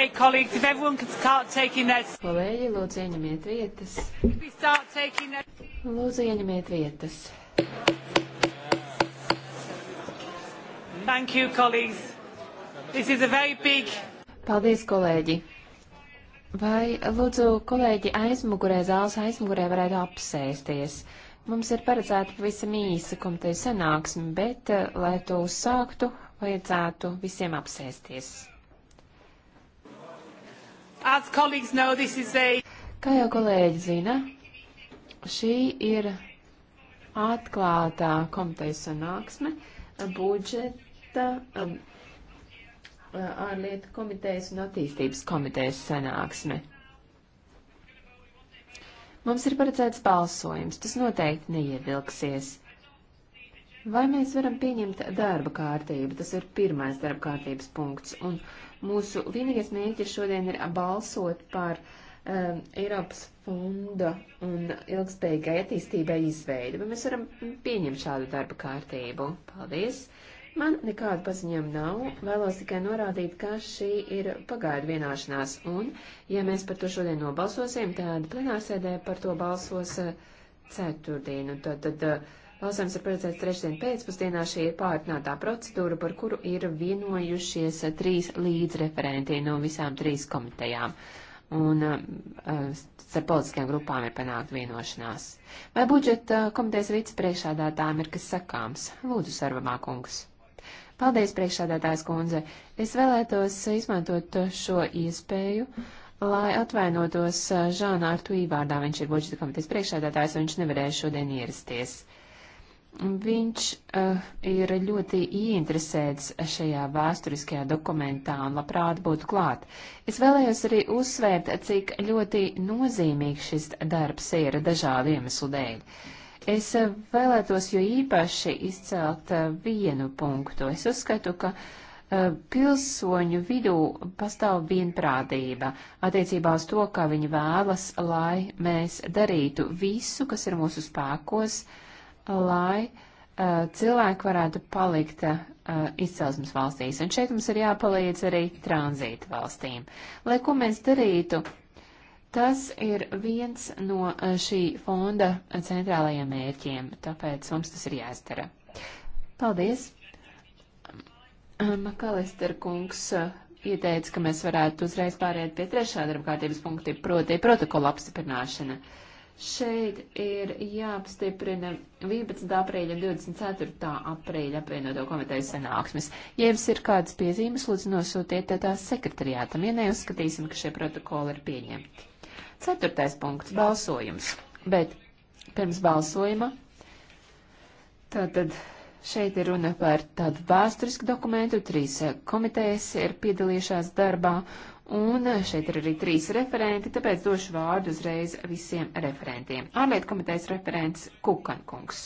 Okay, colleagues, if everyone could start taking their... Kolēģi, lūdzu ieņemiet vietas. Lūdzu ieņemiet vietas. Thank you, colleagues. This is a very big... Paldies, kolēģi. Vai, lūdzu, kolēģi aizmugurē, zāles aizmugurē varētu apsēsties? Mums ir paredzēta pavisam īsa komiteja sanāksme, bet, eh, lai to uzsāktu, vajadzētu visiem apsēsties know, a... Kā jau kolēģi zina, šī ir atklātā komitejas sanāksme budžeta um, ārlietu komitejas un attīstības komitejas sanāksme. Mums ir paredzēts balsojums, tas noteikti neievilksies. Vai mēs varam pieņemt darba kārtību? Tas ir pirmais darba kārtības punkts. Un mūsu vienīgais mērķis šodien ir balsot par um, Eiropas fonda un ilgspējīgai attīstībai izveidu. Vai mēs varam pieņemt šādu darba kārtību? Paldies! Man nekādu paziņojumu nav, vēlos tikai norādīt, ka šī ir pagaidu vienāšanās, un, ja mēs par to šodien nobalsosim, tad plenārsēdē par to balsos uh, ceturtdien, un tad, tad uh, Balsojums ir paredzēts trešdien pēcpusdienā. Šī ir pārtinātā procedūra, par kuru ir vienojušies trīs līdzreferenti no visām trīs komitejām. Un eh, starp politiskajām grupām ir panākt vienošanās. Vai budžeta eh, komitejas vicepriekšādātājiem ir kas sakāms? Lūdzu, sarvamā kungs. Paldies, priekšādātājs kundze. Es vēlētos izmantot šo iespēju, lai atvainotos eh, Žāna Artu īvārdā. Viņš ir budžeta komitejas priekšādātājs, un viņš nevarēja šodien ierasties. Uh, Viņš uh, ir ļoti ieinteresēts šajā vēsturiskajā dokumentā un labprāt būtu klāt. Es vēlējos arī uzsvērt, cik ļoti nozīmīgs šis darbs ir dažādu iemeslu dēļ. Es uh, vēlētos jo īpaši izcelt uh, vienu punktu. Es uzskatu, ka uh, pilsoņu vidū pastāv vienprātība attiecībā uz to, kā viņi vēlas, lai mēs darītu visu, kas ir mūsu spēkos, uh, lai uh, cilvēki varētu palikt uh, izcelsmes valstīs. Un šeit mums ir jāpalīdz arī tranzīta valstīm. Lai ko mēs darītu, tas ir viens no uh, šī fonda centrālajiem mērķiem, tāpēc mums tas ir jāizdara. Paldies! Makalister kungs uh, ieteica, ka mēs varētu uzreiz pāriet pie trešā darba kārtības punkta, proti protokola apstiprināšana. Uh, Šeit ir jāapstiprina 11. aprīļa un 24. aprīļa apvienoto komitejas sanāksmes. Ja jums ir kādas piezīmes, lūdzu nosūtiet tās sekretariātam, ja neuzskatīsim, ka šie protokoli ir pieņemti. Ceturtais punkts - balsojums. Bet pirms balsojuma tātad Šeit ir runa par tādu vēsturisku dokumentu, trīs eh, komitejas ir piedalījušās darbā, un šeit ir arī trīs referenti, tāpēc došu vārdu uzreiz visiem referentiem. Ārlietu komitejas referents Kukankungs.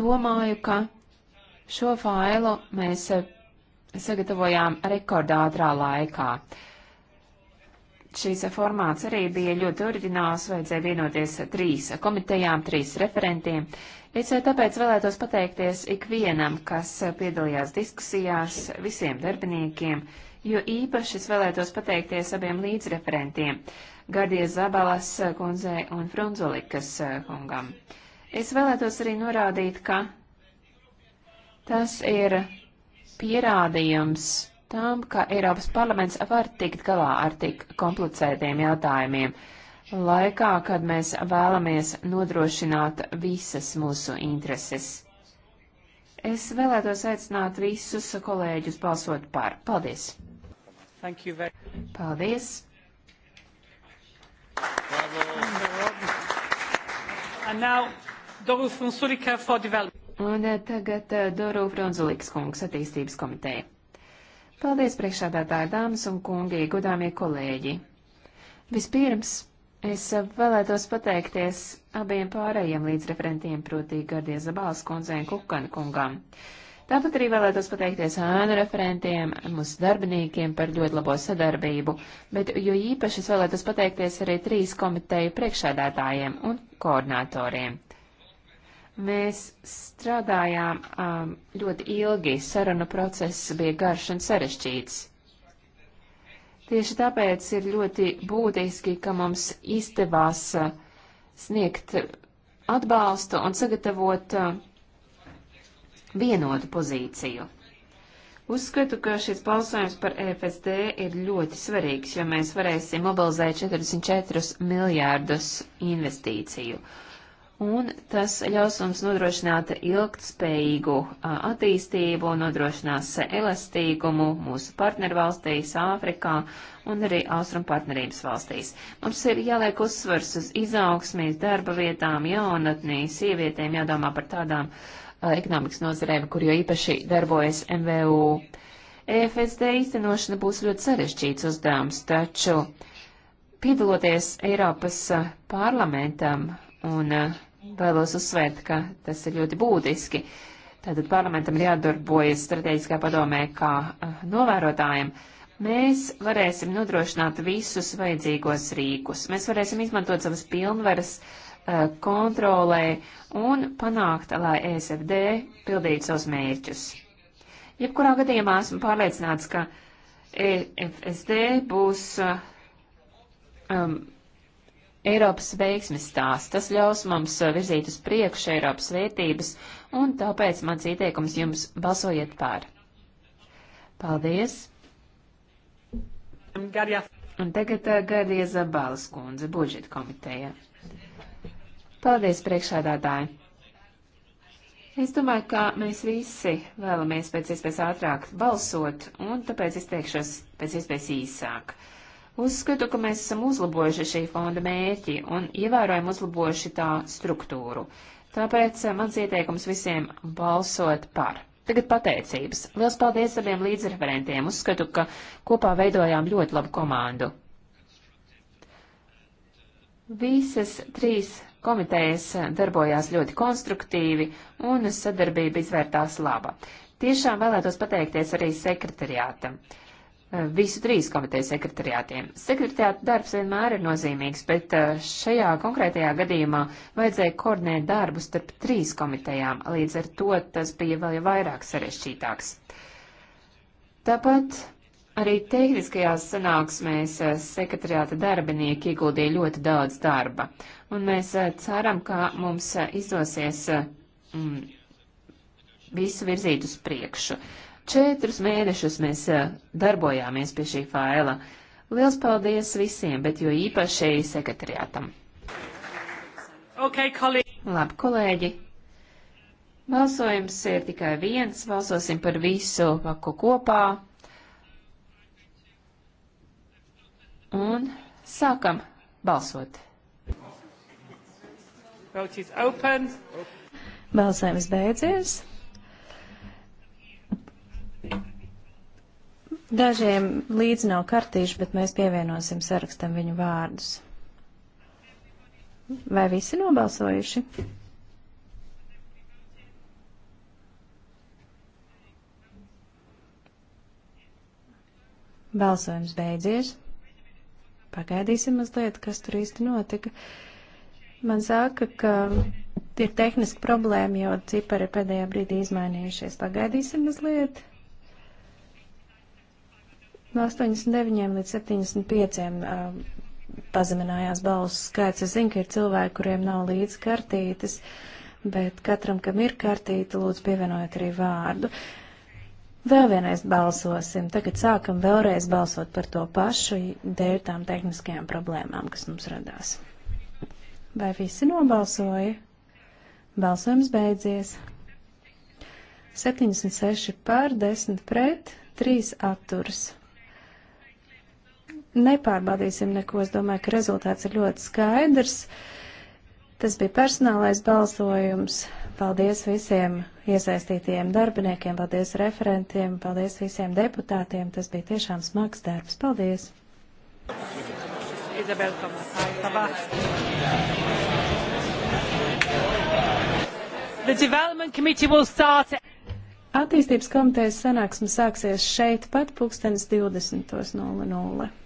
Domāju, ka šo failu mēs eh, sagatavojām rekordātrā laikā. Uh, Šīs formāts arī bija ļoti oriģināls, vajadzēja vienoties trīs komitejām, trīs referentiem. Es eh, tāpēc vēlētos pateikties ikvienam, kas eh, piedalījās diskusijās, visiem darbiniekiem, jo īpaši es vēlētos pateikties abiem līdzreferentiem - Gardies Zabalas eh, kundzei un Frunzolikas kungam. Es vēlētos arī norādīt, ka tas ir pierādījums tam, ka Eiropas parlaments var tikt galā ar tik komplicētiem jautājumiem laikā, kad mēs vēlamies nodrošināt visas mūsu intereses. Es vēlētos aicināt visus kolēģus balsot par. Paldies! Paldies! Now, Un eh, tagad eh, Doru Frunzulikas kungs attīstības komiteja. Paldies, priekšādātāji, dāmas un kungi, godāmie kolēģi! Vispirms es vēlētos pateikties abiem pārējiem līdzreferentiem, proti Gardie Zabāls kundzei un Kukana kungam. Tāpat arī vēlētos pateikties ēnu referentiem, mūsu darbiniekiem par ļoti labo sadarbību, bet jo īpaši es vēlētos pateikties arī trīs komiteju priekšādātājiem un koordinātoriem. Mēs strādājām um, ļoti ilgi, saruna process bija garš un sarežģīts. Tieši tāpēc ir ļoti būtiski, ka mums izdevās uh, sniegt atbalstu un sagatavot uh, vienotu pozīciju. Uzskatu, ka šis balsojums par EFSD ir ļoti svarīgs, jo mēs varēsim mobilizēt 44 miljārdus investīciju. Uh, un tas ļaus mums nodrošināt ilgtspējīgu attīstību, nodrošinās elastīgumu mūsu partnervalstīs, Āfrikā un arī Austrum partnerības valstīs. Mums ir jāliek uzsvars uz izaugsmīs, darba vietām, jaunatnī, sievietēm jādomā par tādām a, ekonomikas nozarēm, kur jo īpaši darbojas MVU. EFSD īstenošana būs ļoti sarežģīts uzdevums, taču piedaloties Eiropas parlamentam un eh, vēlos uzsvērt, ka tas ir ļoti būtiski. Tātad parlamentam ir jādarbojas strateģiskā padomē kā eh, novērotājiem. Mēs varēsim nodrošināt visus vajadzīgos rīkus. Mēs varēsim izmantot savas pilnvaras eh, kontrolē un panākt, lai ESFD pildītu savus mērķus. Jebkurā gadījumā esmu pārliecināts, ka EFSD būs um, Eiropas veiksmes stāsts. Tas ļaus mums uh, virzīt uz priekšu Eiropas vērtības, un tāpēc mans ieteikums jums balsojiet pār. Paldies! Un tagad uh, Gardija Zabalas kundze, budžeta komiteja. Paldies, priekšādātāji! Es domāju, ka mēs visi vēlamies pēc iespējas ātrāk balsot, un tāpēc izteikšos pēc iespējas īsāk. Uh, Uzskatu, ka mēs esam uzlabojuši šī fonda mērķi un ievērojam uzlabojuši tā struktūru. Tāpēc eh, mans ieteikums visiem balsot par. Tagad pateicības. Liels paldies abiem līdzreferentiem. Uzskatu, ka kopā veidojām ļoti labu komandu. Visas trīs komitejas eh, darbojās ļoti konstruktīvi un sadarbība izvērtās laba. Tiešām vēlētos pateikties arī sekretariātam. Eh, visu trīs komiteju sekretariātiem. Sekretariāta darbs vienmēr ir nozīmīgs, bet eh, šajā konkrētajā gadījumā vajadzēja koordinēt darbu starp trīs komitejām, līdz ar to tas bija vēl vairāk sarešķītāks. Tāpat arī tehniskajās sanāksmēs eh, sekretariāta darbinieki ieguldīja ļoti daudz darba, un mēs ceram, ka mums izdosies mm, visu virzīt uz priekšu. Uh, Četrus mēnešus mēs eh, darbojāmies pie šī faila. Liels paldies visiem, bet jo īpaši sekretariātam. Okay, kolēģi. Labi, kolēģi. Balsojums ir tikai viens, balsosim par visu paku kopā. Un sākam balsot. Balsojums beidzies. Dažiem līdz nav kartīšu, bet mēs pievienosim sarakstam viņu vārdus. Vai visi nobalsojuši? Balsojums beidzies. Pagaidīsim mazliet, kas tur īsti notika. Man saka, ka ir tehniska problēma, jo cipari pēdējā brīdī izmainījušies. Pagaidīsim mazliet no 89 līdz 75 um, pazeminājās balsu skaits. Es zinu, ka ir cilvēki, kuriem nav līdz kartītes, bet katram, kam ir kartīte, lūdzu pievienojiet arī vārdu. Vēl vienreiz balsosim. Tagad sākam vēlreiz balsot par to pašu dēļ tām tehniskajām problēmām, kas mums radās. Vai visi nobalsoja? Balsojums beidzies. 76 pār 10 pret, 3 atturs nepārbaudīsim neko. Es domāju, ka rezultāts ir ļoti skaidrs. Tas bija personālais balsojums. Paldies visiem iesaistītajiem darbiniekiem, paldies referentiem, paldies visiem deputātiem. Tas bija tiešām smags darbs. Paldies! Isabel, The Development Committee will start. Attīstības komitejas sanāksme sāksies šeit pat pulkstenis 20.00.